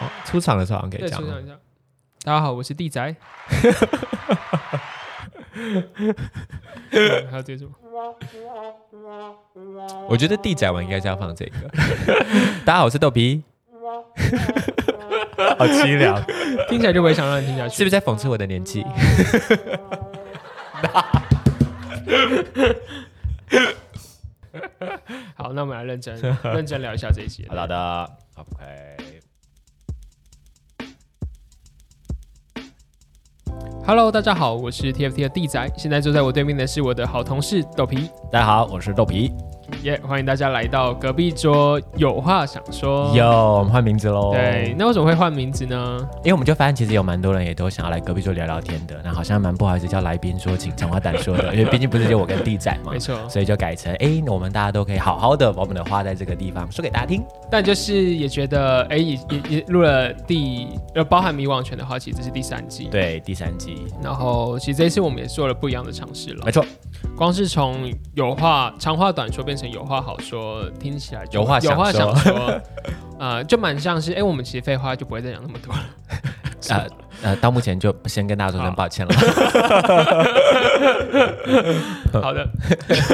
哦、出場的時候好像可以講一大家好，我是弟仔。 嗯、我覺得弟仔我應該是要放這個。 大家好，我是豆皮。 好淒涼涼， 聽起來就非常讓人聽下去。 是不是在諷刺我的年紀？ 好，那我們來認真、 認真聊一下這一集。好的好。Okay Hello，大家好，我是 TFT 的弟仔。現在坐在我對面的是我的好同事豆皮。大家好，我是豆皮。耶！Yeah, 歡迎大家來到隔壁桌，有話想說。喲，我們換名字嘍。對，那為什麼會換名字呢？因為我們就發現，其實有蠻多人也都想要來隔壁桌聊聊天的。那好像蠻不好意思叫來賓桌，請長話短說的， 因為畢竟不是就我跟弟仔嘛。沒錯。所以就改成，哎，我們大家都可以好好的把我們的話在這個地方說給大家聽。但就是也覺得，哎，也也也入了第，包含迷惘權的話，其實這是第三季。對，第三季。然後其實這一次我們也做了不一樣的嘗試了。沒錯。光是從有話長話短說變。有話好說，聽起來有話想說， 呃，就蠻像是，哎、欸，我們其實廢話就不會再講那麼多了， 呃 呃，到目前就先跟大家說聲抱歉了。好， 好的，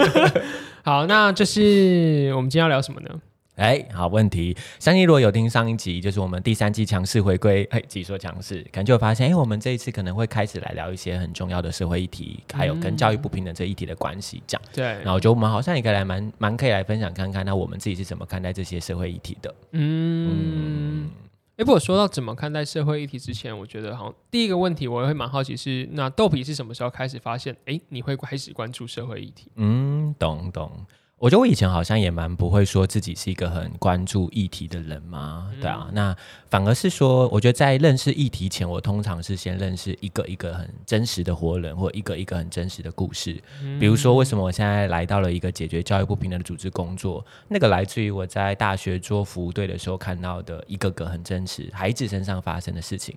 好，那就是我們今天要聊什麼呢？哎、欸，好問題。相信如果有聽上一集，就是我們第三季強勢回歸，哎、欸，幾說強勢，可能就會發現，哎、欸，我們這一次可能會開始來聊一些很重要的社會議題，還有跟教育不平等這一題的關係，這樣。對，嗯、那我覺得我們好像也可以來蠻蠻可以來分享看看，那我們自己是怎麼看待這些社會議題的？嗯，哎、嗯欸，不過說到怎麼看待社會議題之前，我覺得好像第一個問題我也會蠻好奇是，那豆皮是什麼時候開始發現，哎、欸，你會開始關注社會議題？嗯，懂懂。我覺得我以前好像也蠻不會說自己是一個很關注議題的人嘛，對啊。嗯、那反而是說，我覺得在認識議題前，我通常是先認識一個一個很真實的活人，或者一個一個很真實的故事。嗯、比如說，為什麼我現在來到了一個解決教育不平等的組織工作，那個來自於我在大學做服務隊的時候看到的一個個很真實孩子身上發生的事情。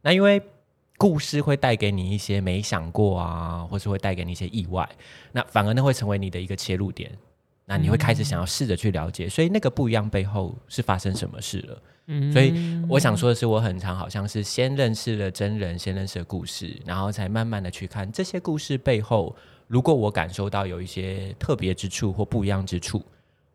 那因為故事會帶給你一些沒想過啊，或是會帶給你一些意外。那反而呢，會成為你的一個切入點。那你會開始想要試着去了解，嗯、所以那個不一樣背後是發生什麼事了？嗯、所以我想說的是，我很常好像是先認識了真人，先認識了故事，然後才慢慢的去看這些故事背後，如果我感受到有一些特別之處或不一樣之處，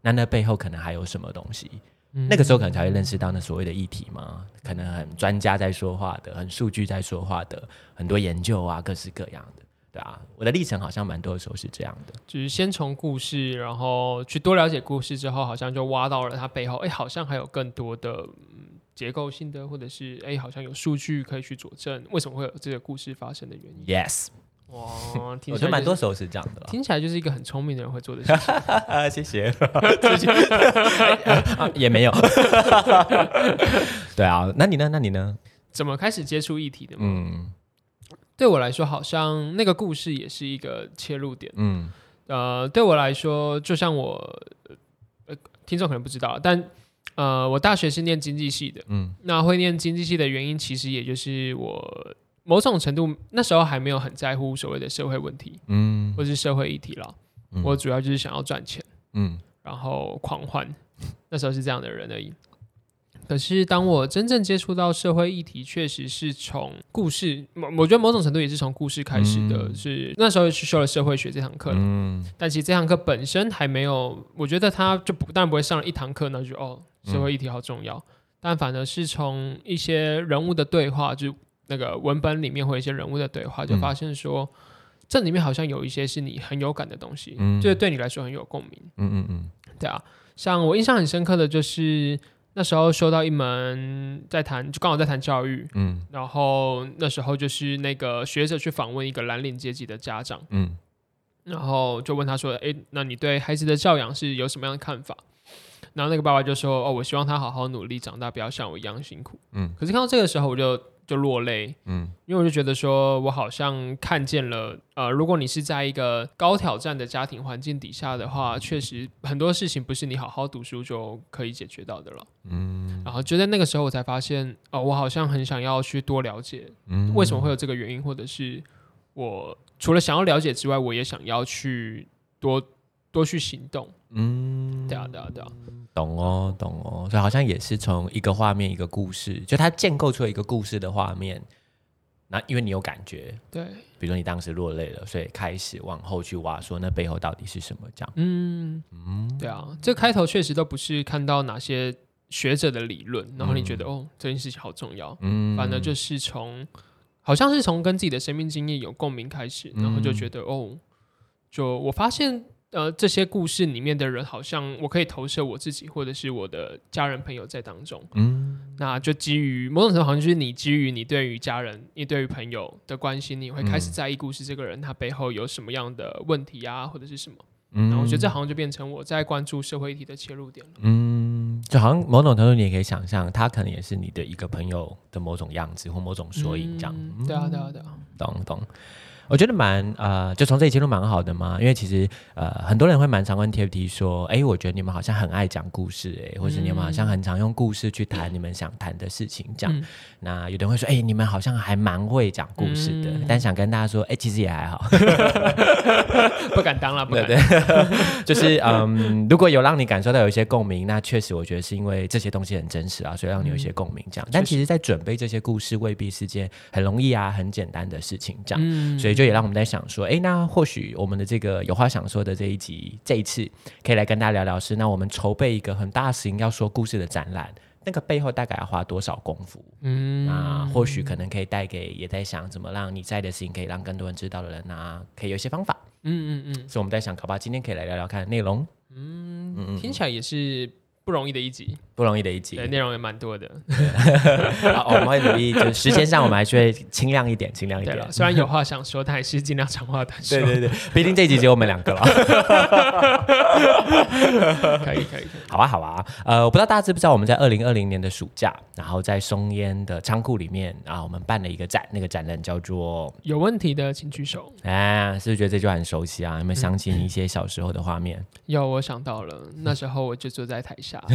那那背後可能還有什麼東西？嗯、那個時候可能才會認識到那所謂的議題嗎？可能很專家在說話的，很數據在說話的，很多研究啊，各式各樣的。對啊，我的歷程好像蠻多的時候是這樣的，就是先從故事，然後去多了解故事之後，好像就挖到了它背後，哎，好像還有更多的、嗯、結構性的，或者是哎，好像有數據可以去佐證為什麼會有這個故事發生的原因。Yes，哇，我覺得蠻多時候是這樣的，聽起來就是一個很聰明的人會做的事情啊。謝謝，啊，也沒有 對啊，那你呢？那你呢？怎麼開始接觸議題的？嗯。對我來說，好像那個故事也是一個切入點。嗯，呃，對我來說，就像我，呃，聽眾可能不知道，但呃，我大學是念經濟系的。嗯，那會念經濟系的原因，其實也就是我某種程度那時候還沒有很在乎所謂的社會問題，嗯，或是社會議題了。嗯，我主要就是想要賺錢，嗯，然後狂歡，那時候是這樣的人而已。可是，當我真正接觸到社會議題，確實是從故事，我我覺得某種程度也是從故事開始的。嗯、是那時候去修了社會學這堂課，嗯，但其實這堂課本身還沒有，我覺得它就不，但不會上一堂課那就哦，社會議題好重要。嗯、但反而是從一些人物的對話，就那個文本裡面或一些人物的對話，就發現說、嗯、這裡面好像有一些是你很有感的東西，嗯、就是對你來說很有共鳴，嗯嗯嗯，對啊，像我印象很深刻的就是。那時候收到一門在談，就剛好在談教育，嗯，然後那時候就是那個學者去訪問一個藍領階級的家長，嗯，然後就問他說：“誒，那你對孩子的教養是有什麼樣的看法？”然後那個爸爸就說：“哦，我希望他好好努力，長大不要像我一樣辛苦。”嗯，可是看到這個時候，我就。就落淚，嗯，因為我就覺得說，我好像看見了，呃，如果你是在一個高挑戰的家庭環境底下的話，確實很多事情不是你好好讀書就可以解決到的了，嗯，然後就在那個時候，我才發現，哦、呃，我好像很想要去多了解，嗯，為什麼會有這個原因，或者是我除了想要了解之外，我也想要去多多去行動，嗯，對啊，對啊，對啊。懂哦，懂哦，所以好像也是從一個畫面、一個故事，就它建構出了一個故事的畫面。那因為你有感覺，對，比如說你當時落淚了，所以開始往後去挖，說那背後到底是什麼這樣？嗯嗯，嗯對啊，這開頭確實都不是看到哪些學者的理論，然後你覺得、嗯、哦，這件事情好重要。嗯，反而就是從好像是從跟自己的生命經驗有共鳴開始，然後就覺得、嗯、哦，就我發現。呃，這些故事裡面的人，好像我可以投射我自己，或者是我的家人朋友在當中。嗯，那就基於某種程度，好像就是你基於你對於家人、你對於朋友的關心，你會開始在意故事這個人、嗯、他背後有什麼樣的問題啊，或者是什麼。嗯，我覺得這好像就變成我在關注社會議題的切入點了。嗯，就好像某種程度你也可以想象，他可能也是你的一個朋友的某種樣子或某種縮影。嗯、這樣。嗯、對啊，對啊，對啊，對啊，對啊，懂懂。我覺得蠻呃，就從這一切入蠻好的嘛，因為其實呃，很多人會蠻常問 TFT 說，哎、欸，我覺得你們好像很愛講故事、欸，哎，或是你們好像很常用故事去談你們想談的事情這樣。樣、嗯、那有的人會說，哎、欸，你們好像還蠻會講故事的，嗯、但想跟大家說，哎、欸，其實也還好，嗯、 不敢當啦，不敢當對對對。就是嗯，如果有讓你感受到有一些共鳴，那確實我覺得是因為這些東西很真實啊，所以讓你有一些共鳴這樣。嗯、但其實，在準備這些故事未必是件很容易啊、很簡單的事情這樣，嗯、所以。就也讓我們在想說，誒、欸，那或許我們的這個有話想說的這一集，這一次可以來跟大家聊聊是，是那我們籌備一個很大型要說故事的展覽，那個背後大概要花多少功夫？嗯，那或許可能可以帶給也在想怎麼讓你在的事情可以讓更多人知道的人啊，可以有一些方法。嗯嗯嗯，嗯嗯所以我們在想，搞不好今天可以來聊聊看內容。嗯嗯，嗯聽起來也是不容易的一集。不容易的一集，內容也蠻多的了、 啊哦。我們會努力。就時間上，我們還是會清亮一點，清亮一點。雖然有話想說，但還是盡量長話短說。 對對對，畢竟這一集只有我們兩個了。可以 可以，可以可以好啊好啊。呃，我不知道大家知不知道，我們在二零二零年的暑假，然後在松菸的倉庫裡面、啊，我們辦了一個展，那個展覽叫做“有問題的請舉手”。哎、啊，是不是覺得這就很熟悉啊？有沒有想起你一些小時候的畫面、嗯？有，我想到了，那時候我就坐在台下。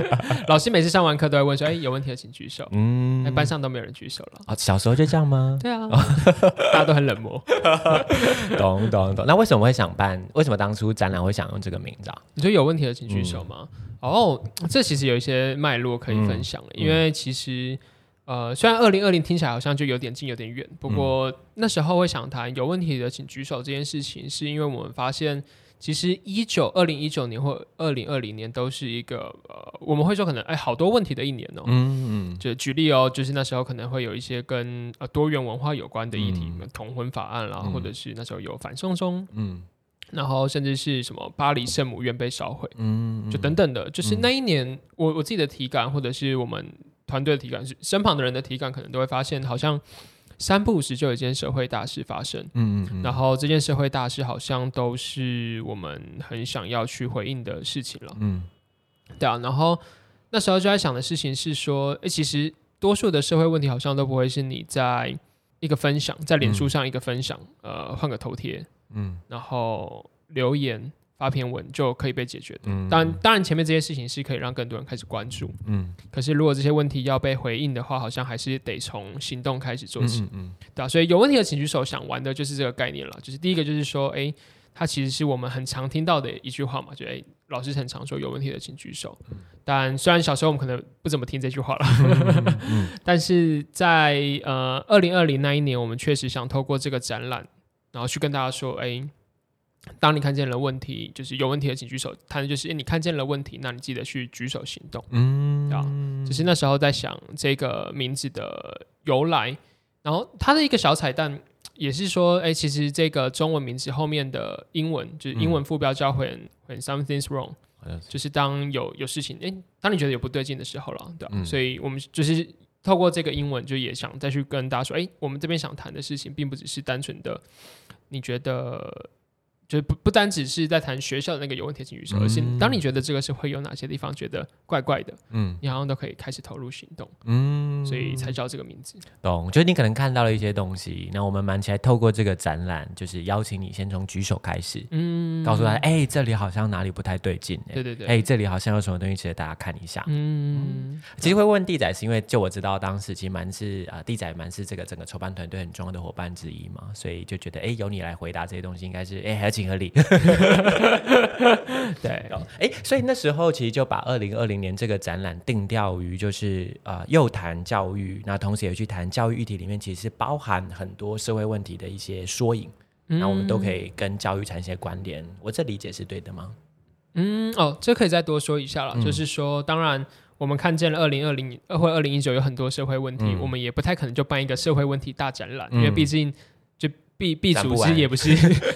老師每次上完課都會問說：“哎、欸，有問題的請舉手。嗯”嗯、欸，班上都沒有人舉手了。啊、哦，小時候就這樣嗎？ 對啊， 大家都很冷漠。 懂懂懂。那為什麼會想辦？為什麼當初展覽會想用這個名字啊？你覺得有問題的請舉手嗎？嗯 oh, 哦，這其實有一些脈絡可以分享。嗯、因為其實，呃，雖然二零二零聽起來好像就有點近有點遠，不過那時候會想談有問題的請舉手這件事情，是因為我們發現。其實一九二零一九年或二零二零年都是一個呃，我們會說可能哎好多問題的一年哦。嗯，嗯，就舉例哦，就是那時候可能會有一些跟呃多元文化有關的議題，嗯、同婚法案啦，嗯、或者是那時候有反送中。嗯。然後甚至是什麼巴黎聖母院被燒毀。嗯、嗯。就等等的，就是那一年，我我自己的體感，或者是我們團隊的體感，是身旁的人的體感，可能都會發現好像。三不五時就有一件社會大事發生，嗯，嗯，嗯，然後這件社會大事好像都是我們很想要去回應的事情了，嗯，對啊，然後那時候就在想的事情是說，誒，其實多數的社會問題好像都不會是你在一個分享，在臉書上一個分享，嗯，呃，換個頭貼，嗯，然後留言。發篇文就可以被解決的，當、嗯、但當然前面這些事情是可以讓更多人開始關注，嗯，可是如果這些問題要被回應的話，好像還是得從行動開始做起，嗯，嗯嗯對啊，所以有問題的請舉手，想玩的就是這個概念了，就是第一個就是說，誒、欸，它其實是我們很常聽到的一句話嘛，就誒、欸，老師很常說有問題的請舉手，嗯、但雖然小時候我們可能不怎麼聽這句話了，嗯嗯嗯、 但是在呃二零二零那一年，我們確實想透過這個展覽，然後去跟大家說，誒、欸。當你看見了問題，就是有問題的，請舉手。談的就是，欸，你看見了問題，那你記得去舉手行動。嗯，啊，就是那時候在想這個名字的由來，然後它的一個小彩蛋也是說，欸，其實這個中文名字後面的英文，就是英文副標叫 when, when something's wrong，嗯，就是當有有事情，欸，當你覺得有不對勁的時候了，對吧？嗯，所以我們就是透過這個英文，就也想再去跟大家說，欸，我們這邊想談的事情，並不只是單純的你覺得。就不不單只是在談學校的那個有問題的請舉手，而是當你覺得這個是會有哪些地方、嗯、覺得怪怪的，嗯，你好像都可以開始投入行動，嗯，所以才叫這個名字。懂，就是你可能看到了一些東西，那我們蠻起來透過這個展覽，就是邀請你先從舉手開始，嗯，告訴他，哎、欸，這裡好像哪裡不太對勁、欸，對對對，哎、欸，這裡好像有什麼東西，值得大家看一下，嗯。嗯，其實會問弟仔是因為就我知道當時其實蠻是啊、呃、弟仔蠻是這個整個籌辦團隊很重要的夥伴之一嘛，所以就覺得哎，由、欸、你來回答這些東西應該是哎而且。欸還平和力 對哎、哦欸，所以那時候其實就把二零二零年這個展覽定調於就是呃，又談教育，那同時也去談教育議題裡面其實包含很多社會問題的一些縮影，那、嗯、我們都可以跟教育產生一些關聯。我這理解是對的嗎？嗯，哦，這可以再多說一下了，嗯、就是說，當然我們看見了 2020, 二零二零二或二零一九有很多社會問題，嗯、我們也不太可能就辦一個社會問題大展覽，嗯、因為畢竟。B B 組織也不是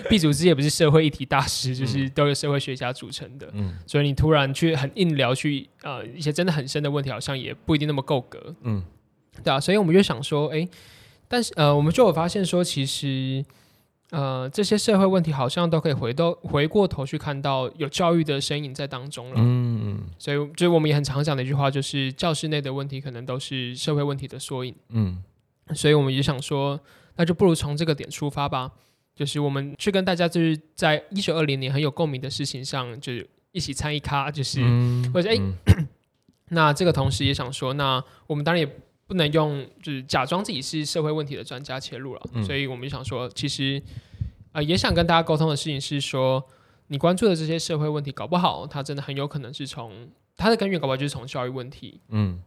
，B 不 組織也不是社會議題大師，就是都有社會學家組成的，嗯、所以你突然去很硬聊去呃一些真的很深的問題，好像也不一定那麼夠格，嗯，對啊，所以我們就想說，哎、欸，但是呃，我們就有發現說，其實呃，這些社會問題好像都可以回到回過頭去看到有教育的身影在當中了，嗯，所以就是我們也很常講的一句話，就是教室內的問題可能都是社會問題的縮影，嗯，所以我們就想說。那就不如從這個點出發吧，就是我們去跟大家就是在一九二零年很有共鳴的事情上，就是一起參一咖。就是、嗯、或者哎、欸嗯，那這個同時也想說，那我們當然也不能用就是假裝自己是社會問題的專家切入了，嗯、所以我們就想說，其實啊、呃，也想跟大家溝通的事情是說，你關注的這些社會問題，搞不好它真的很有可能是從它的根源搞不好就是從教育問題，嗯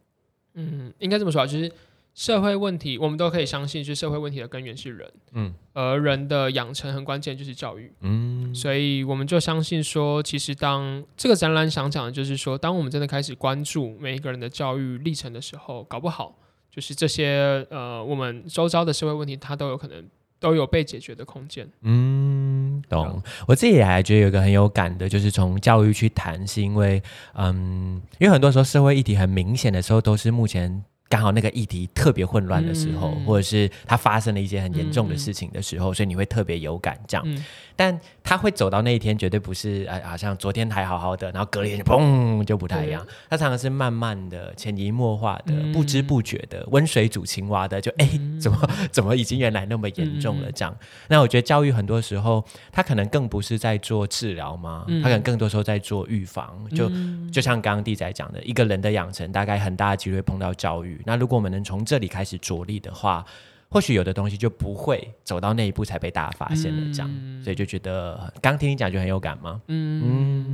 嗯，應該這麼說，就是。社會問題，我們都可以相信，是社會問題的根源是人，嗯，而人的養成很關鍵就是教育，嗯，所以我們就相信說，其實當這個展覽想講的就是說，當我們真的開始關注每一個人的教育歷程的時候，搞不好就是這些呃，我們周遭的社會問題，它都有可能都有被解決的空間。嗯，懂。後我自己也還覺得有一個很有感的，就是從教育去談，是因為，嗯，因為很多時候社會議題很明顯的時候，都是目前。剛好那個議題特別混亂的時候，嗯，或者是它發生了一些很嚴重的事情的時候，嗯，所以你會特別有感這樣。嗯但他會走到那一天，絕對不是啊，好像昨天還好好的，然後隔天就砰就不太一樣。對他常常是慢慢的、潛移默化的、嗯、不知不覺的、溫水煮青蛙的，就哎、欸，怎麼怎麼已經原來那麼嚴重了這樣？嗯、那我覺得教育很多時候，他可能更不是在做治療嘛，他可能更多時候在做預防。嗯、就就像剛剛弟仔講的，一個人的養成大概很大的幾率碰到教育。那如果我們能從這裡開始着力的話，或許有的東西就不會走到那一步才被大家發現了，嗯、這樣，所以就覺得剛聽你講就很有感嗎？嗯,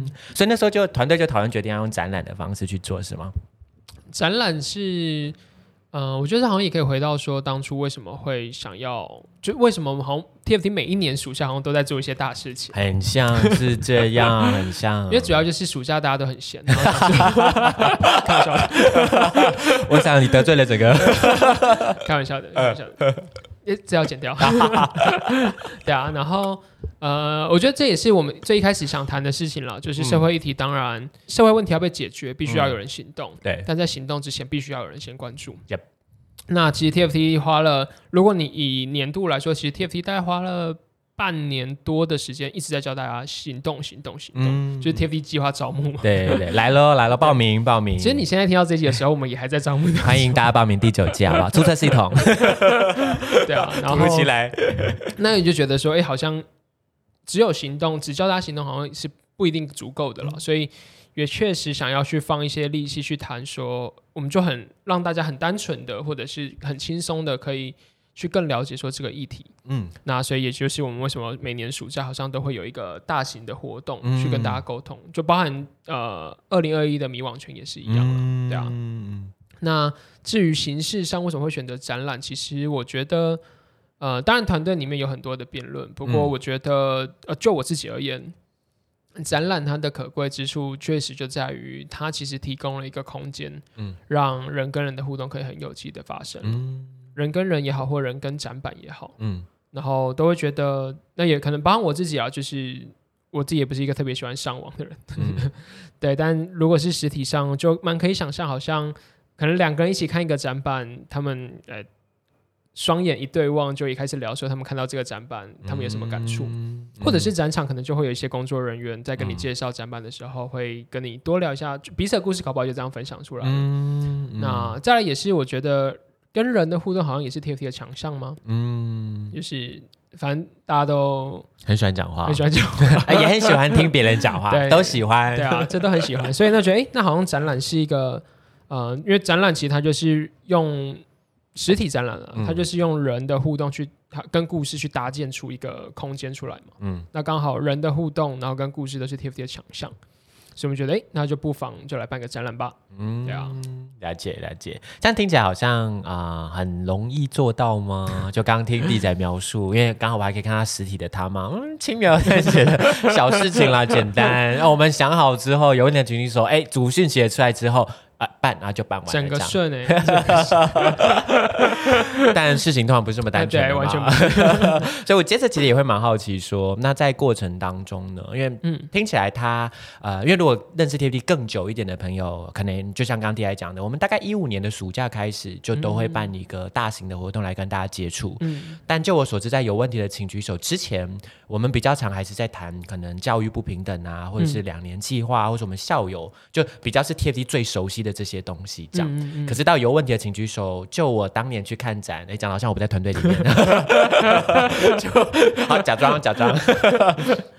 嗯，所以那時候就團隊就討論決定要用展覽的方式去做，是嗎？展覽是。嗯、呃，我覺得好像也可以回到說，當初為什麼會想要，就為什麼我們好像 TFT 每一年暑假好像都在做一些大事情，很像是這樣， 很像，因為主要就是暑假大家都很閒。 開玩笑， 我想你得罪了這個， 開玩笑的，開玩笑的。 哎，這要剪掉。 對啊，然後，呃，我覺得這也是我們最一開始想談的事情了，就是社會議題。當然，嗯、社會問題要被解決，必須要有人行動。嗯、對，但在行動之前，必須要有人先關注。嗯、那其實 TFT 花了，如果你以年度來說，其實 TFT 大概花了。半年多的時間一直在教大家行動，行動，行動，嗯、就是 TFT 計劃招募。對對對，來了來了，報名 對報名。其實你現在聽到這些的時候，欸、我們也還在招募。歡迎大家報名第九季，好不好？註冊 系統。 對啊，然後一 起來。那你就覺得說，哎、欸，好像只有行動，只教大家行動，好像是不一定足夠的了。嗯、所以也確實想要去放一些力氣去談說，我們就很讓大家很單純的，或者是很輕鬆的可以。去更了解說這個議題，嗯，那所以也就是我們為什麼每年暑假好像都會有一個大型的活動去跟大家溝通，嗯、就包含呃二零二一的迷惘群，也是一樣的，嗯、對啊。嗯、那至於形式上為什麼會選擇展覽，其實我覺得呃，當然團隊裡面有很多的辯論，不過我覺得、嗯、呃就我自己而言，展覽它的可貴之處確實就在於它其實提供了一個空間，嗯，讓人跟人的互動可以很有機的發生，嗯嗯人跟人也好，或人跟展板也好，嗯，然後都會覺得，那也可能包含我自己啊，就是我自己也不是一個特別喜歡上網的人，嗯、 對。但如果是實體上，就蠻可以想象，好像可能兩個人一起看一個展板，他們呃雙眼一對望，就一開始聊說他們看到這個展板，他們有什麼感觸，嗯嗯、或者是展場可能就會有一些工作人員在跟你介紹展板的時候，嗯、會跟你多聊一下就彼此的故事，搞不好就這樣分享出來。嗯嗯、那再來也是我覺得。跟人的互動好像也是 TFT 的強項嗎？嗯，就是反正大家都很喜歡講話，很喜歡講話， 也很喜歡聽別人講話， 對都喜歡，對啊，這都很喜歡， 所以那覺得，哎、欸，那好像展覽是一個，嗯、呃，因為展覽其實它就是用實體展覽了、啊，嗯、它就是用人的互動去跟故事去搭建出一個空間出來嘛，嗯，那剛好人的互動，然後跟故事都是 TFT 的強項。所以我們覺得，哎、欸，那就不妨就來辦個展覽吧。嗯，對啊、了解了解，這樣聽起來好像啊、呃，很容易做到嗎？就剛剛聽弟仔描述， 因為剛好我還可以看他實體的他嘛。嗯，輕描淡寫的，小事情啦， 簡單。那 我們想好之後，有一點決定說，哎、欸，主訊寫出來之後。啊、辦，然、啊、後就辦完，整個順。哎，但事情通常不是這麼單純嘛，所以，我接着其實也會蠻好奇說，說那在過程當中呢，因為嗯，聽起來他呃，因為如果認識 TFT 更久一點的朋友，可能就像剛 Di 講的，我們大概一五年的暑假開始就都會辦一個大型的活動來跟大家接觸，嗯，但就我所知，在有問題的請舉手之前，我們比較常還是在談可能教育不平等啊，或者是兩年計劃，或者我們校友、嗯、就比較是 TFT 最熟悉。的這些東西講，嗯嗯，可是到有問題的請舉手。就我當年去看展，哎、欸，講好像我不在團隊裡面， 就 好，假裝假裝。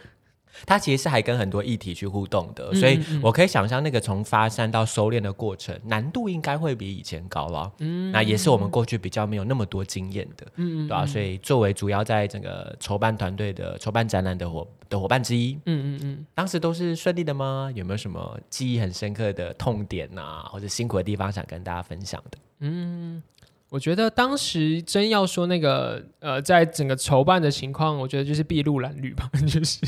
他其實是還跟很多議題去互動的，嗯嗯嗯，所以我可以想象那個從發散到收斂的過程難度應該會比以前高了。嗯，嗯，嗯，那也是我們過去比較沒有那麼多經驗的。嗯，嗯，嗯對吧、啊？所以作為主要在整個籌辦團隊的籌辦展覽的夥的夥伴之一。嗯嗯嗯，當時都是順利的嗎？有沒有什麼記憶很深刻的痛點吶、啊，或者辛苦的地方想跟大家分享的？嗯，嗯，嗯。我覺得當時真要說那個，呃，在整個籌辦的情況，我覺得就是篳路藍縷吧，就是，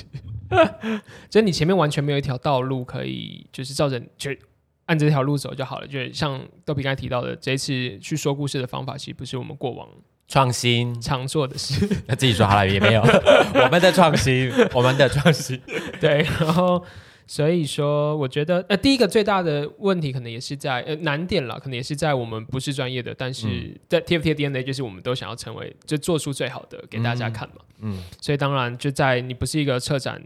就你前面完全沒有一條道路可以，就是照着就按這條路走就好了。就是像豆皮剛才提到的，這次去說故事的方法，其實不是我們過往創新常做的事。他新 自己說好了也沒有，我們的創新，我們的創新， 對，然後。所以說，我覺得呃，第一個最大的問題可能也是在呃難點了，可能也是在我們不是專業的，但是在 TFT 的 DNA 就是我們都想要成為，就做出最好的給大家看嘛。嗯，嗯，所以當然就在你不是一個策展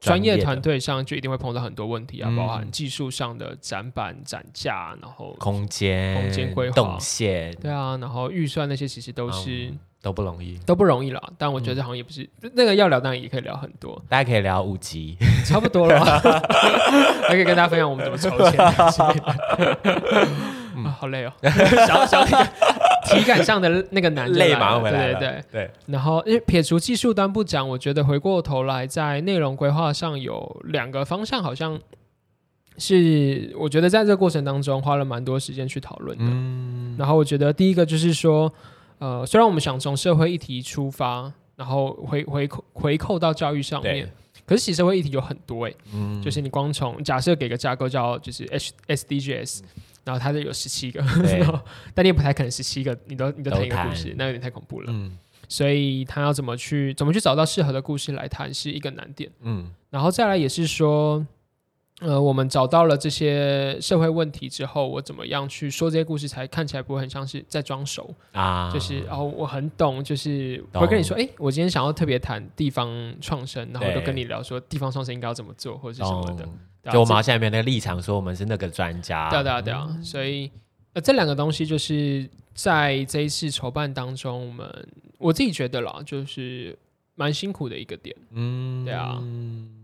專業團隊上，就一定會碰到很多問題啊，包含技術上的展板、展架，然後空間、動線，空間規劃、動線，對啊，然後預算那些其實都是。都不容易，都不容易了。但我覺得好像也不是、嗯、那個要聊，當然也可以聊很多。大家可以聊五集，差不多了吧。還可以跟大家分享我們怎麼籌錢。啊，好累哦，小 小體感上的那個難，累嘛，對對對對。對，然後，因為撇除技術端不講，我覺得回過頭來在內容規劃上有兩個方向，好像是我覺得在這個過程當中花了蠻多時間去討論的。嗯、然後，我覺得第一個就是說。呃，雖然我們想從社會議題出發，然後回回回扣到教育上面，對可是其實社會議題有很多誒、欸，嗯，就是你光從假設給個架構叫就是 SDG、嗯、S，然後它就有十七個對，但你也不太可能十七個，你都你都談一個故事，談那有點太恐怖了，嗯、所以他要怎麼去怎麼去找到適合的故事來談是一個難點，嗯，然後再來也是說。呃，我們找到了這些社會問題之後，我怎麼樣去說這些故事才看起來不會很像是在裝熟啊？就是然後、哦、我很懂，就是我會跟你說，哎懂，我今天想要特別談地方創生，然後都跟你聊說地方創生應該要怎麼做，或者是什麼的，懂啊、就我們現在好像也沒有那個立場說我們是那個專家，對、啊、對、啊、對、啊。嗯、所以呃，這兩個東西就是在這一次籌辦當中，我們我自己覺得啦，就是。蠻辛苦的一個點，嗯，對啊，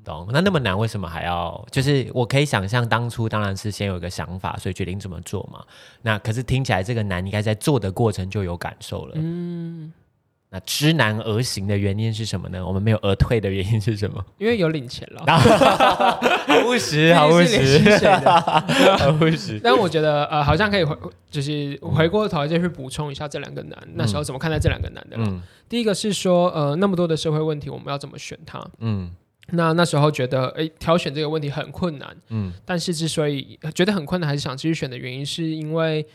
懂。那那麼難，為什麼還要？就是我可以想象，當初當然是先有一個想法，所以決定怎麼做嘛。那可是聽起來這個難，應該在做的過程就有感受了，嗯。那知難而行的原因是什麼呢？我們沒有而退的原因是什麼？因為有領錢了。好務實，好務實，好務實。但我覺得，呃，好像可以回，就是回過頭，再去補充一下這兩個難。嗯、那時候怎麼看待這兩個難的呢？嗯、第一個是說，呃，那麼多的社會問題，我們要怎麼選它？嗯，那那時候覺得，誒、欸，挑選這個問題很困難。嗯，但是之所以、呃、覺得很困難，還是想繼續選的原因，是因為。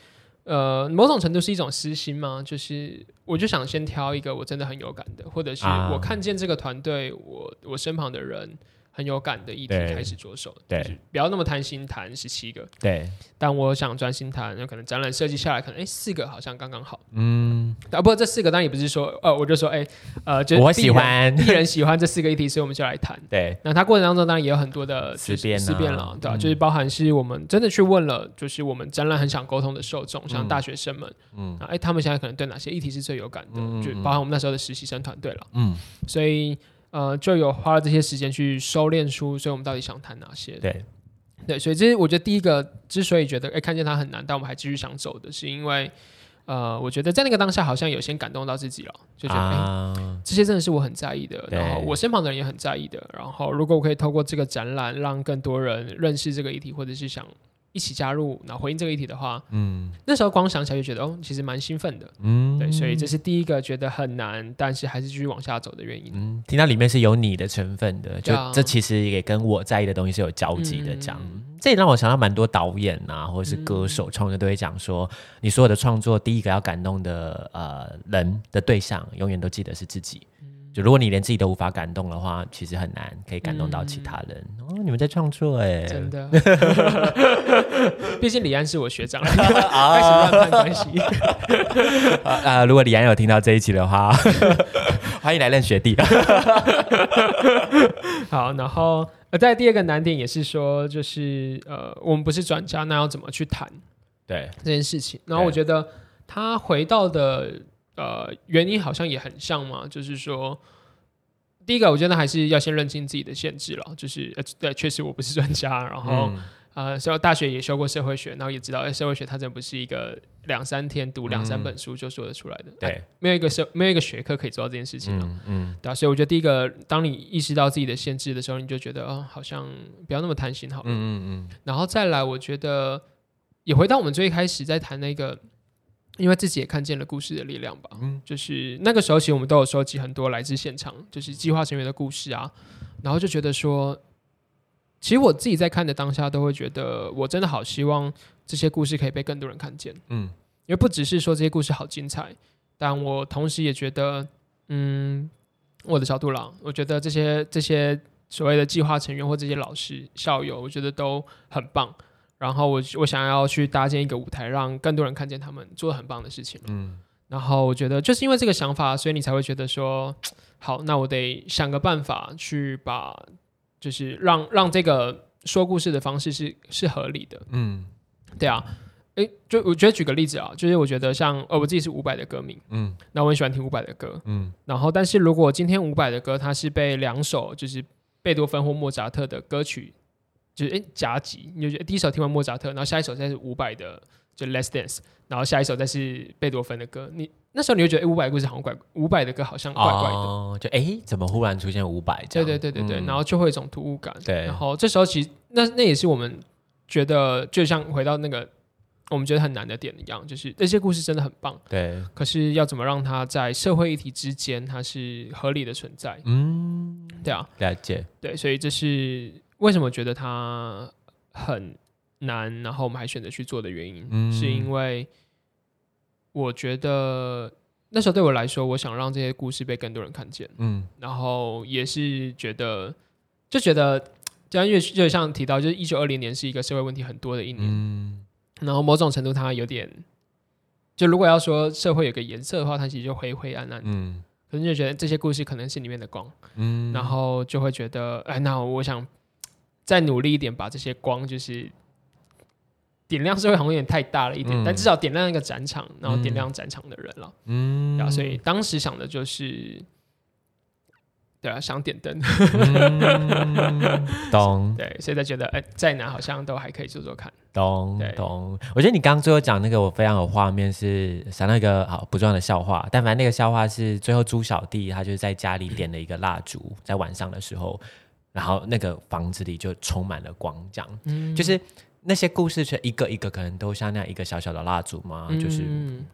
呃，某種程度是一種私心嗎？就是我就想先挑一個我真的很有感的，或者是我看見這個團隊，啊啊我我身旁的人。很有感的議題開始着手，對，不要那麼貪心談十七個，對，但我想專心談，那可能展覽設計下來，可能誒，四個好像剛剛好，嗯，啊不過這四個當然也不是說，呃我就說誒，呃，就是我喜歡，一人喜歡這四個議題，所以我們就來談，對，那它過程當中當然也有很多的思辨思辨了，對吧？就是包含是我們真的去問了，就是我們展覽很想溝通的受眾，像大學生們，嗯，啊，哎，他們現在可能對哪些議題是最有感的？就包含我們那時候的實習生團隊了，嗯，所以。呃，就有花了這些時間去收斂書，所以我們到底想談哪些？對，對，所以這是我覺得第一個，之所以覺得哎、欸，看見它很難，但我們還繼續想走的是因為，呃，我覺得在那個當下好像有些感動到自己了，就覺得哎、啊欸，這些真的是我很在意的，對然後我身旁的人也很在意的，然後如果我可以透過這個展覽讓更多人認識這個議題，或者是想。一起加入，然後回應這個議題的話，嗯，那時候光想起來就覺得哦，其實蠻興奮的，嗯，對，所以這是第一個覺得很難，但是還是繼續往下走的原因。嗯，聽到裡面是有你的成分的，嗯、就這其實也跟我在意的東西是有交集的。講，嗯、這也讓我想到蠻多導演啊，或者是歌手、嗯、創作都會講說，你所有的創作第一個要感動的呃人的對象，永遠都記得是自己。就如果你連自己都無法感動的話，其實很難可以感動到其他人。嗯、哦，你們在創作哎、欸，真的。 畢竟李安是我學長的，為什麼要攀關係、？ 啊？呃，如果李安有聽到這一集的話， 歡迎來認學弟。 好，然後呃，在第二個難點也是說，就是呃，我們不是專家，那要怎麼去談對這件事情？對然後我覺得他回到的。呃，原因好像也很像嘛，就是說，第一個，我覺得還是要先認清自己的限制了。就是，呃，對，確實我不是專家，然後，嗯、呃，雖然大學也修過社會學，然後也知道，哎，社會學它真的不是一個兩三天讀兩三本書就說得出來的。嗯呃、對，沒有一個社，沒有一個學科可以做到這件事情啊、嗯。嗯，對啊，所以我覺得第一個，當你意識到自己的限制的時候，你就覺得，哦、呃，好像不要那麼貪心好了。嗯嗯嗯。嗯，然後再來，我覺得也回到我們最一開始在談那個。因為自己也看見了故事的力量吧，嗯，就是那個時候其實我們都有收集很多來自現場，就是計劃成員的故事啊，然後就覺得說，其實我自己在看的當下都會覺得，我真的好希望這些故事可以被更多人看見，嗯，因為不只是說，這些故事好精彩，但我同時也覺得，嗯，我的小肚朗，我覺得這些這些所謂的計劃成員或這些老師校友，我覺得都很棒。然後我我想要去搭建一個舞台，讓更多人看見他們做很棒的事情。嗯，然後我覺得就是因為這個想法，所以你才會覺得說，好，那我得想個辦法去把，就是讓讓這個說故事的方式是是合理的。嗯，對啊，誒，就我覺得舉個例子啊，就是我覺得像呃、哦，我自己是伍佰的歌迷，嗯，那我很喜歡聽伍佰的歌，嗯，然後但是如果今天伍佰的歌它是被兩首就是貝多芬或莫扎特的歌曲。就是、欸、哎，夾級你就覺得第一首聽完莫扎特，然後下一首再是伍佰的，就 Last Dance，然後下一首再是貝多芬的歌，你那時候你就覺得伍佰、欸、的故事好像怪，伍佰的歌好像怪怪的，哦、就哎、欸，怎麼忽然出現伍佰？對對對對對，嗯、然後就會有一種突兀感。對，然後這時候其實那那也是我們覺得，就像回到那個我們覺得很難的點一樣，就是那些故事真的很棒，對，可是要怎麼讓它在社會議題之間它是合理的存在？嗯，對啊，了解。對，所以這是。為什麼覺得它很難？然後我們還選擇去做的原因，是因為我覺得那時候對我來說，我想讓這些故事被更多人看見。嗯，然後也是覺得，就覺得就像越越像提到，就是二零二零年是一個社會問題很多的一年。然後某種程度它有點，就如果要說社會有個顏色的話，它其實就灰灰暗暗。嗯，可能就覺得這些故事可能是裡面的光。嗯，然後就會覺得，哎，那我想。再努力一點，把這些光就是點亮社會，好像有點太大了一點，嗯、但至少點亮一個展場，然後點亮展場的人了。嗯，然後所以當時想的就是，對啊，想點燈。嗯、懂。 對，所以他覺得，哎、欸，在哪好像都還可以做做看。懂對懂。我覺得你剛剛最後講那個，我非常有畫面，是想到那個好不重要的笑話，但反正那個笑話是最後朱小弟他就是在家裡點了一個蠟燭，在晚上的時候。然後那個房子裡就充滿了光，這樣，嗯、就是那些故事卻一個一個，可能都像那樣一個小小的蠟燭嘛，嗯、就是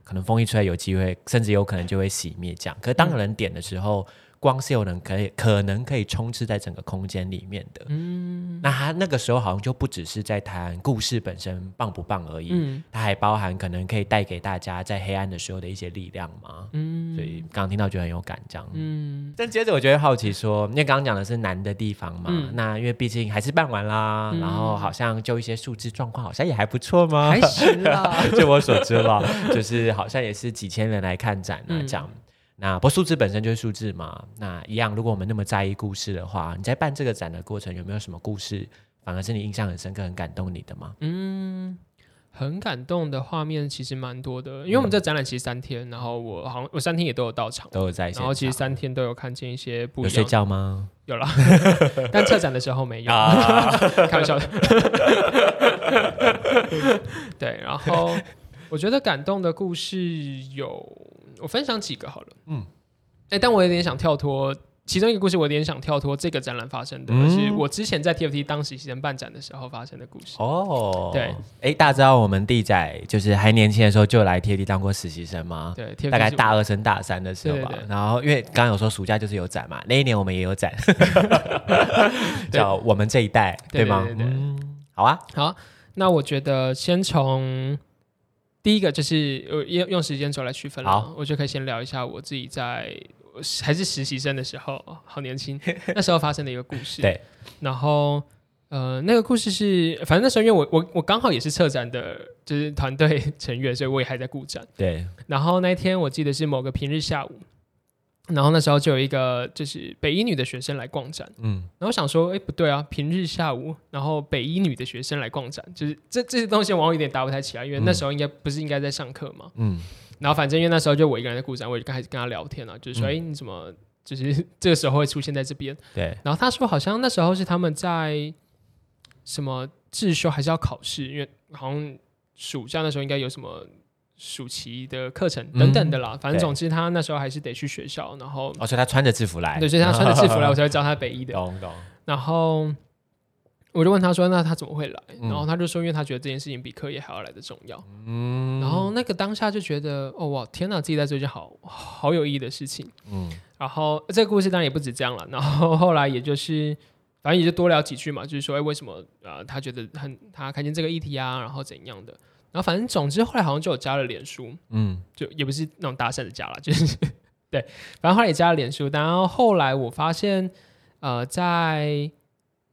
可能風一吹有機會，甚至有可能就會熄滅，這樣。可是當有人點的時候，嗯嗯光是有人可以可能可以充斥在整個空間裡面的，嗯，那他那個時候好像就不只是在談故事本身棒不棒而已，它、嗯、還包含可能可以帶給大家在黑暗的時候的一些力量嘛，嗯，所以剛剛聽到就很有感這樣，嗯，但接着我就會好奇說，因為剛剛講的是難的地方嘛，嗯、那因為畢竟還是辦完啦，嗯、然後好像就一些數字狀況好像也還不錯嘛，還是啊，據 我所知吧， 就是好像也是幾千人來看展啊這樣。嗯那不，數字本身就是數字嘛。那一樣，如果我們那麼在意故事的話，你在辦這個展的過程，有沒有什麼故事反而是你印象很深刻、很感動你的嗎？嗯，很感動的畫面其實蠻多的，因為我們這展覽其實三天，然後我好像我三天也都有到場，都有在，然後其實三天都有看見一些不一，有睡覺嗎？有啦，但撤展的時候沒有， 啊、 開玩笑的。 對，然後我覺得感動的故事有。我分享幾個好了，嗯，哎、欸，但我有點想跳脫其中一個故事，我有點想跳脫這個展覽發生的，嗯、而且我之前在 TFT 當實習生辦展的時候發生的故事。哦，對，哎、欸，大家知道我們弟仔就是還年輕的時候就來 TFT 當過實習生嗎？對，大概大二升大三的時候吧。對對對對，然後因為剛剛有說暑假就是有展嘛，那一年我們也有展，叫 對我們這一代對嗎？對對對對，嗯，好啊，好，那我覺得先從。第一個就是用用時間軸來區分了，好我就可以先聊一下我自己在還是實習生的時候，好年輕，那時候發生的一個故事。 對，然後呃，那個故事是，反正那時候因為我我我剛好也是策展的，就是團隊成員，所以我也還在顧展。對，然後那一天我記得是某個平日下午。然後那時候就有一個就是北一女的學生來逛展，嗯，然後想說，哎，不對啊，平日下午，然後北一女的學生來逛展，就是這這些東西往往有點搭不太起來，因為那時候應該、嗯、不是應該在上課嘛，嗯，然後反正因為那時候就我一個人在顧展，我就開始跟他聊天了、啊，就是說，哎、嗯，你怎麼就是這個時候會出現在這邊？對，然後他說好像那時候是他們在什麼自修還是要考試，因為好像暑假那時候應該有什麼。暑期的課程等等的啦，嗯、反正總之他那時候還是得去學校，嗯、然後而且對後、哦、他穿着制服來，對，所以他穿着制服來，呵呵呵，我才會教他北醫的。懂懂，懂然後我就問他說：“那他怎麼會來？”然後他就說：“因為他覺得這件事情比課業還要來的重要。”嗯。然後那個當下就覺得：“哦哇，天吶，自己在做一件好好有意義的事情。”嗯。然後、呃、這個故事當然也不止這樣了。然後後來也就是，反正也就多聊幾句嘛，就是說：“哎、欸，為什麼啊、呃？他覺得很他看見這個議題啊，然後怎樣的。”啊，反正總之，後來好像就有加了臉書，嗯，就也不是那種搭訕的加了，就是對，反正後來也加了臉書。然後後來我發現，呃，在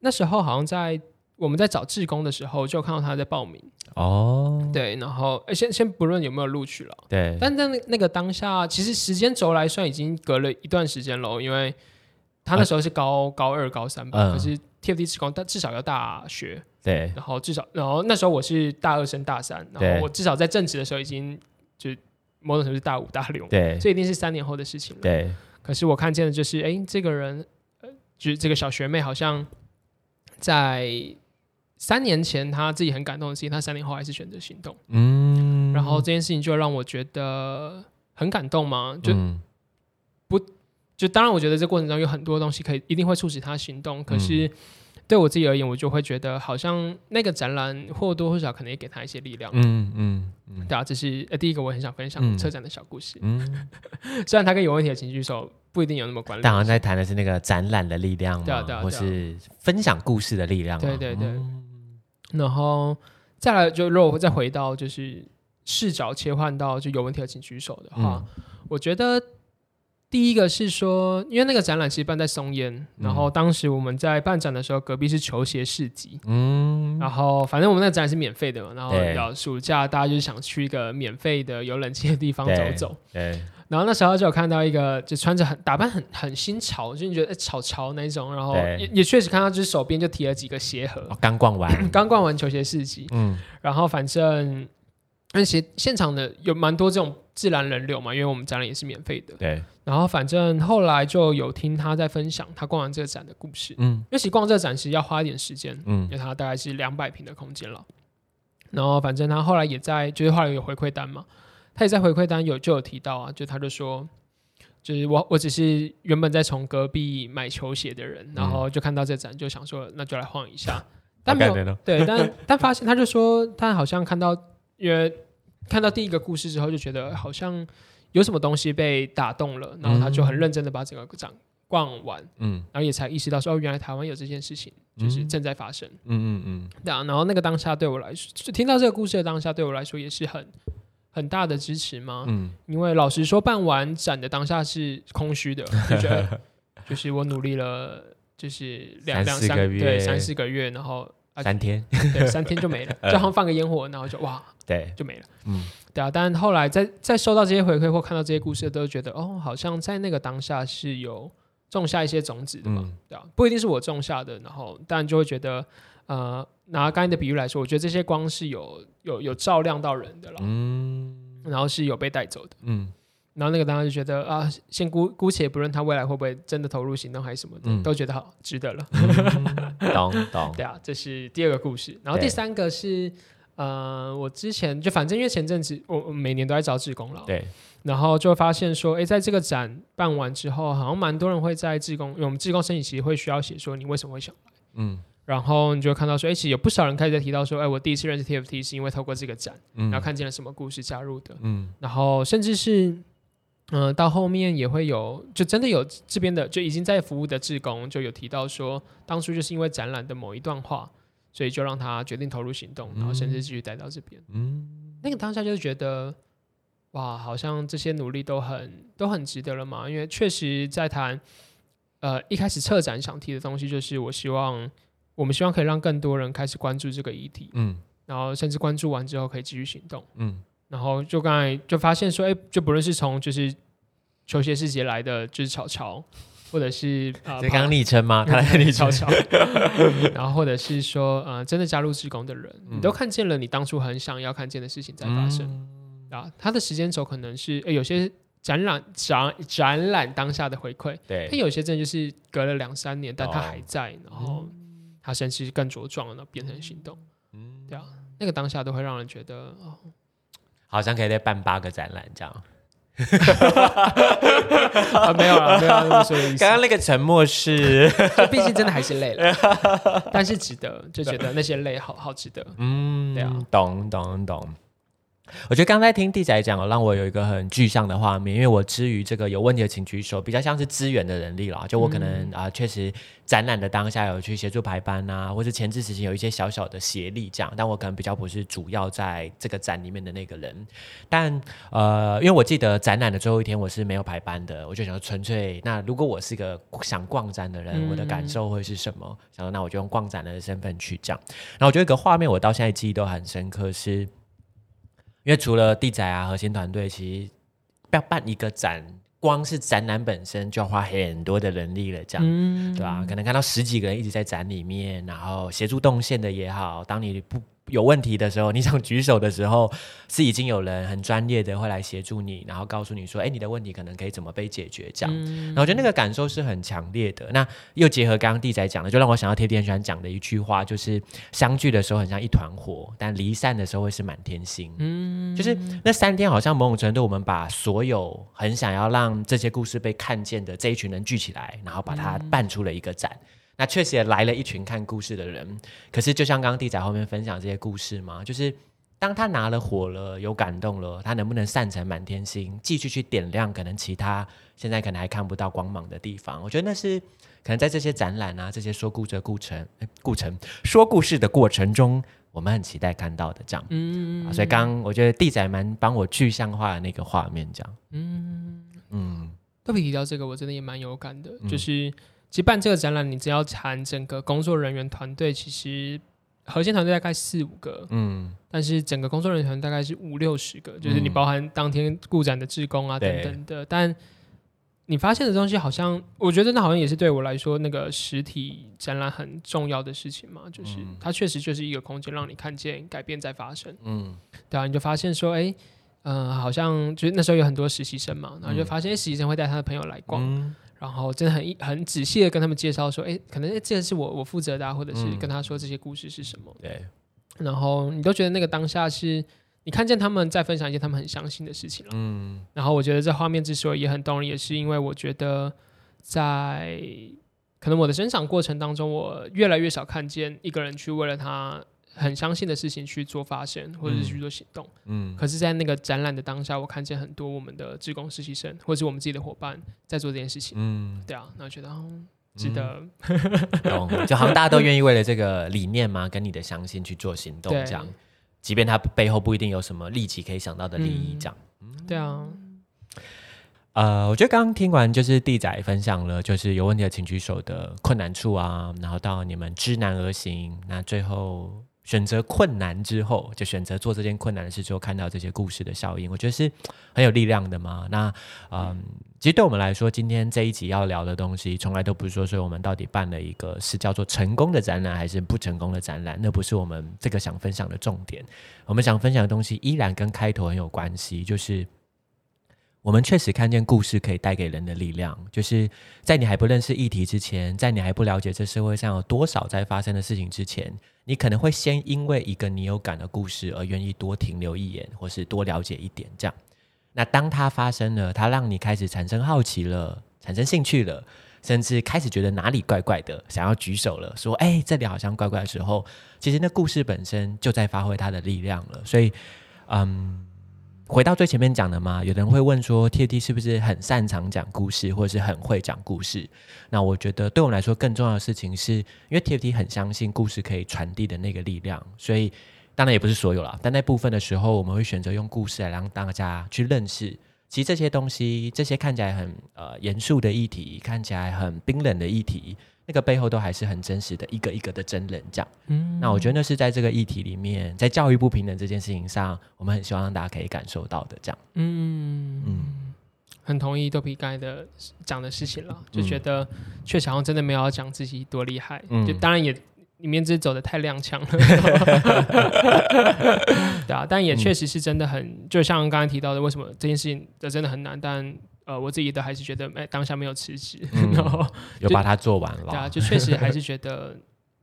那時候好像在我們在找志工的時候，就看到他在報名哦，對。然後先先不論有沒有錄取了，對。但在那那個當下，其實時間軸來算已經隔了一段時間嘍，因為他那時候是高、嗯、高二高三吧，可是 TFT 志工，但至少要大學。對，然後至少，然後那時候我是大二升大三，然後我至少在正職的時候已經就某種程度是大五大六，對，這一定是三年後的事情了。對，可是我看見的就是，哎，這個人，呃，就這個小學妹好像在三年前她自己很感動的事情，她三年後還是選擇行動。嗯，然後這件事情就讓我覺得很感動嘛，就不、嗯、就當然，我覺得這過程中有很多東西可以一定會促使她行動，可是，嗯對我自己而言，我就會覺得好像那個展覽或多或少可能也給他一些力量。嗯，嗯嗯，對啊，這是、呃、第一個，我很想分享車展的小故事。嗯，嗯 雖然他跟有問題的請舉手不一定有那麼關聯。但我們在談的是那個展覽的力量嗎、啊？對、啊對啊、或是分享故事的力量？對對對。嗯、然後再來，就如果我再回到就是視角切換到就有問題的請舉手的話，嗯、我覺得。第一個是說，因為那個展覽其實辦在松菸，然後當時我們在辦展的時候，隔壁是球鞋市集，嗯，然後反正我們那個展覽是免費的嘛，然後暑假大家就是想去一個免費的有冷氣的地方走走，然後那時候就有看到一個就穿着很打扮很很新潮，就你覺得超、欸、潮、潮那種，然後也也確實看到就是手邊就提了幾個鞋盒，剛、哦、剛逛完，剛 逛完球鞋市集，嗯，然後反正。嗯而且現場的有蠻多這種自然人流嘛，因為我們展覽也是免費的。對。然後反正後來就有聽他在分享他逛完這個展的故事。嗯。尤其逛這個展其實要花一點時間。嗯。因為他大概是兩百坪的空間了。然後反正他後來也在，就是後來有回饋單嘛。他也在回饋單有就有提到啊，就他就說，就是我我只是原本在從隔壁買球鞋的人，然後就看到這展就想說那就來晃一下。嗯、但沒有。Okay. 對，但 但發現他就說，他好像看到因為。看到第一個故事之後，就覺得好像有什麼東西被打動了，然後他就很認真的把整個展逛完，嗯，然後也才意識到說，哦，原來台灣有這件事情，就是正在發生，嗯嗯嗯。嗯嗯嗯，然後那個當下對我來說，就聽到這個故事的當下對我來說也是很很大的支持嘛，嗯，因為老實說辦完展的當下是空虛的，就覺得就是我努力了，就是兩 三兩三個月，對三四個月，然後。啊、三天， 對，三天就沒了，就好像放個煙火，然後就哇，對，就沒了，嗯，對啊。但後來再再收到這些回饋或看到這些故事，都覺得哦，好像在那個當下是有種下一些種子的嘛，嗯、對啊，不一定是我種下的，然後但就會覺得，呃，拿剛才的比喻來說，我覺得這些光是有有有照亮到人的了，嗯，然後是有被帶走的，嗯。然後那個大家就覺得啊，先姑姑且不論他未來會不會真的投入行動還是什麼的，嗯、都覺得好值得了。當當對啊，這是第二個故事。然後第三個是，對呃，我之前就反正因為前陣子我，我每年都在招志工了，對。然後就發現說，哎、欸，在這個展辦完之後，好像蠻多人會在志工，因為我們志工申請其實會需要寫說你為什麼會想來，嗯。然後你就看到說，哎、欸，其實有不少人開始在提到說，哎、欸，我第一次認識 TFT 是因為透過這個展，嗯、然後看見了什麼故事加入的，嗯。然後甚至是。嗯、呃，到後面也會有，就真的有這邊的就已經在服務的志工，就有提到說，當初就是因為展覽的某一段話，所以就讓他決定投入行動，然後甚至繼續待到這邊、嗯。嗯，那個當下就是覺得，哇，好像這些努力都很都很值得了嘛，因為確實在談，呃，一開始策展想提的東西就是，我希望我們希望可以讓更多人開始關注這個議題，嗯，然後甚至關注完之後可以繼續行動，嗯。然後就剛才就發現說，哎，就不論是從就是球鞋世界來的，就是潮潮或者是啊，李、呃、剛李琛嗎？他、嗯、然後或者是說，呃，真的加入志工的人，嗯、你都看見了，你當初很想要看見的事情在發生。啊、嗯，然後他的時間軸可能是有些展覽展展覽當下的回饋，對，他有些真的就是隔了兩三年，但他還在，哦、然後他甚至更茁壯了，然後變成行動。嗯，對啊，那個當下都會讓人覺得哦。好像可以再辦八個展覽這樣，沒有了、啊，沒有，所以說。剛剛那個沉默是， 就畢竟真的還是累了， 但是值得，就覺得那些累好好值得。嗯，對啊，懂懂懂。懂懂我覺得剛才聽弟仔講了，讓我有一個很具象的畫面，因為我之於這個有問題的請舉手，比較像是資源的人力了。就我可能啊、嗯呃，確實展覽的當下有去協助排班啊，或者前置時間有一些小小的協力這樣，但我可能比較不是主要在這個展裡面的那個人。但呃，因為我記得展覽的最後一天我是沒有排班的，我就想說，純粹那如果我是一個想逛展的人，嗯、我的感受會是什麼？想說那我就用逛展的身份去講。然後我覺得一個畫面我到現在記憶都很深刻是，因為除了弟仔啊，核心團隊其實不要辦一個展，光是展覽本身就要花很多的人力了，這樣，嗯、對吧？可能看到十幾個人一直在展裡面，然後協助動線的也好，當你不。有問題的時候，你想舉手的時候，是已經有人很專業的會來協助你，然後告訴你說：“哎，你的問題可能可以怎麼被解決？”這樣，嗯、然後我覺得那個感受是很強烈的。那又結合剛剛弟仔講的，就讓我想要貼天，天喜歡講的一句話，就是相聚的時候很像一團火，但離散的時候會是滿天星。嗯，就是那三天，好像某種程度我們把所有很想要讓這些故事被看見的這一群人聚起來，然後把它辦出了一個展。嗯那確實也來了一群看故事的人，可是就像剛剛弟仔後面分享這些故事嘛，就是當他拿了火了，有感動了，他能不能散成滿天星，繼續去點亮可能其他現在可能還看不到光芒的地方？我覺得那是可能在這些展覽啊，這些說故事的故、哎、故程故程說故事的過程中，我們很期待看到的這樣。嗯、啊，所以剛剛我覺得弟仔蠻幫我具象化的那個畫面，這樣。嗯嗯，嗯特別提到這個，我真的也蠻有感的，嗯、就是。其實辦這個展覽，你只要談整個工作人員團隊，其實核心團隊大概四五個，嗯，但是整個工作人員團隊大概是五六十個，嗯、就是你包含當天顧展的志工啊等等的。對但你發現的東西，好像我覺得那好像也是對我來說那個實體展覽很重要的事情嘛，就是它確實就是一個空間，讓你看見改變在發生。嗯，對啊，你就發現說，哎，嗯、呃，好像就是那時候有很多實習生嘛，然後就發現實習生會帶他的朋友來逛。嗯嗯然後真的很很仔細的跟他們介紹說，哎、欸，可能、欸、這件事我我負責的、啊，或者是跟他說這些故事是什麼。嗯、對，然後你都覺得那個當下是你看見他們在分享一些他們很傷心的事情了。嗯，然後我覺得這畫面之所以也很動人，也是因為我覺得在可能我的成長過程當中，我越來越少看見一個人去為了他很相信的事情去做發現，或者是去做行動。嗯、嗯可是，在那個展覽的當下，我看見很多我們的職工實習生，或者我們自己的夥伴在做這件事情。嗯，對啊，那我覺得值、哦、得。嗯、 懂，就好像大家都願意為了這個理念嘛，跟你的相信去做行動，對這樣，即便他背後不一定有什麼立即可以想到的利益。嗯、這樣，嗯、對啊。呃，我覺得剛剛聽完就是弟仔分享了，就是有問題的請舉手的困難處啊，然後到你們知難而行，那最後，選擇困難之後，就選擇做這件困難的事之後，看到這些故事的效應，我覺得是很有力量的嘛。那嗯，其實對我們來說，今天這一集要聊的東西，從來都不是說，所以我們到底辦了一個是叫做成功的展覽，還是不成功的展覽？那不是我們這個想分享的重點。我們想分享的東西，依然跟開頭很有關係，就是我們確實看見故事可以帶給人的力量。就是在你還不認識議題之前，在你還不了解這社會上有多少在發生的事情之前。你可能會先因為一個你有感的故事而願意多停留一眼，或是多了解一點這樣。那當它發生了，它讓你開始產生好奇了，產生興趣了，甚至開始覺得哪裡怪怪的，想要舉手了，說：“欸，這裡好像怪怪的”時候，其實那故事本身就在發揮它的力量了。所以，嗯。回到最前面講的嘛，有人會問說，TFT 是不是很擅長講故事，或者是很會講故事？那我覺得，對我來說更重要的事情是，因為 TFT 很相信故事可以傳遞的那個力量，所以當然也不是所有啦。但那部分的時候，我們會選擇用故事來讓大家去認識。其實這些東西，這些看起來很呃嚴肅的議題，看起來很冰冷的議題。那個背後都還是很真實的一個一個的真人這樣，嗯，那我覺得那是在這個議題裡面，在教育不平等這件事情上，我們很希望讓大家可以感受到的這樣。嗯，嗯，很同意豆皮剛才的講的事情了，就覺得確實好像真的沒有要講自己多厲害，嗯、就當然也裡面只是走的太踉蹌了，對啊，但也確實是真的很，嗯、就像剛才提到的，為什麼這件事情這真的很難，但。呃，我自己都還是覺得，哎、欸，當下沒有辭職，嗯、然後又把它做完了。對啊，就確實還是覺得，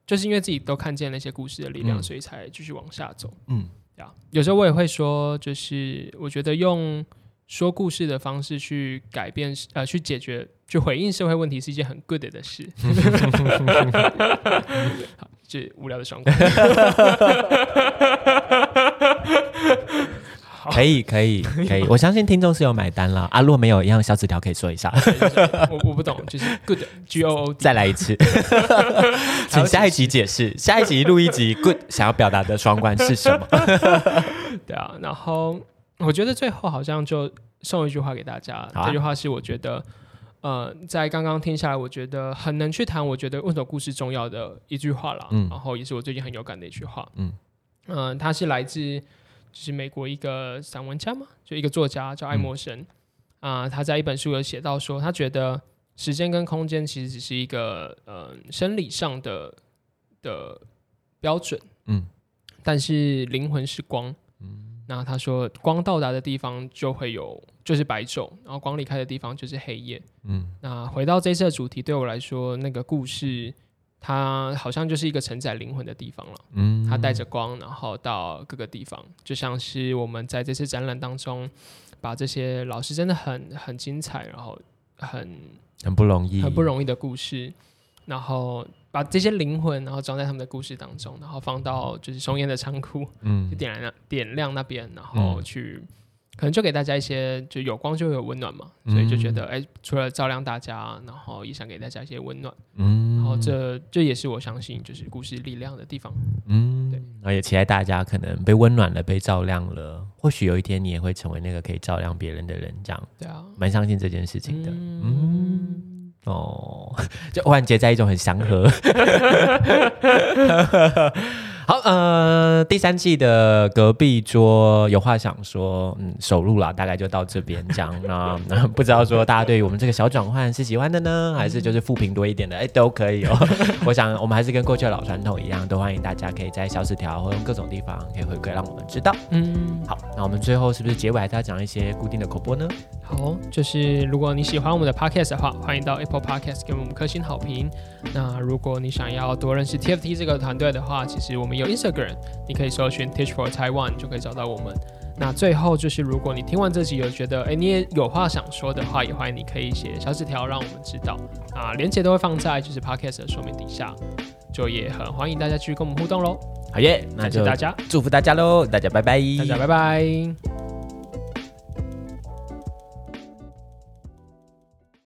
就是因為自己都看見那些故事的力量，嗯、所以才繼續往下走。嗯，對啊。有時候我也會說，就是我覺得用說故事的方式去改變，呃，去解決，去回應社會問題，是一件很 good 的事。這無聊的雙關。 好可以，可以，可以。可以我相信聽眾是有買單了阿洛、啊、沒有，一樣小紙條可以說一下。 就是、我我不懂，就是 good g o o、D、 再來一次， 請下一集解釋，下一集錄一集 good 想要表達的雙關是什麼？ 對啊，然後我覺得最後好像就送一句話給大家。啊、這句話是我覺得，呃，在剛剛聽下來，我覺得很能去談。我覺得為什麼故事重要的一句話了。嗯、然後也是我最近很有感的一句話。嗯嗯、呃，它是來自。就是美國一個散文家嘛，就一個作家叫愛默生，啊、嗯呃，他在一本書有寫到說，他覺得時間跟空間其實只是一個嗯、呃，生理上的的標準，嗯，但是靈魂是光，嗯，那他說光到達的地方就會有就是白晝，然後光離開的地方就是黑夜，嗯，那回到這次的主題，對我來說那個故事。它好像就是一個承載靈魂的地方了。嗯，它帶着光，然後到各個地方，就像是我們在這次展覽當中，把這些老師真的很很精彩，然後很很不容易、嗯，很不容易的故事，然後把這些靈魂，然後裝在他們的故事當中，然後放到就是松菸的倉庫，嗯，就點燃，點亮那邊，然後去。可能就給大家一些，就有光就有溫暖嘛，嗯、所以就覺得，哎、欸，除了照亮大家，然後也想給大家一些溫暖，嗯，然後這這也是我相信就是故事力量的地方，嗯，對，然後也期待大家可能被溫暖了，被照亮了，或許有一天你也會成為那個可以照亮別人的人，這樣，對啊，蠻相信這件事情的，嗯，嗯，哦，就完結在一種很祥和。 好，呃，第三季的隔壁桌有話想說，嗯，首錄啦，大概就到這邊講。那、 嗯嗯、不知道說大家對於我們這個小轉換是喜歡的呢，還是就是負評多一點的？哎，都可以哦。 我想我們還是跟過去的老傳統一樣，都歡迎大家可以在小紙條或用各種地方可以回饋，讓我們知道。嗯，好，那我們最後是不是結尾還要講一些固定的口播呢？哦，就是如果你喜歡我們的 podcast 的話，歡迎到 Apple Podcast 給我們五顆星好評。那如果你想要多認識 TFT 這個團隊的話，其實我們有 Instagram，你可以搜尋 Teach for Taiwan 就可以找到我們。那最後就是，如果你聽完這集有覺得，哎，你也有話想說的話，也歡迎你可以寫小紙條讓我們知道。啊，連結都會放在就是 podcast 的說明底下，就也很歡迎大家繼續跟我們互動嘍。好耶，那就大家祝福大家嘍，大家拜拜，大家拜拜。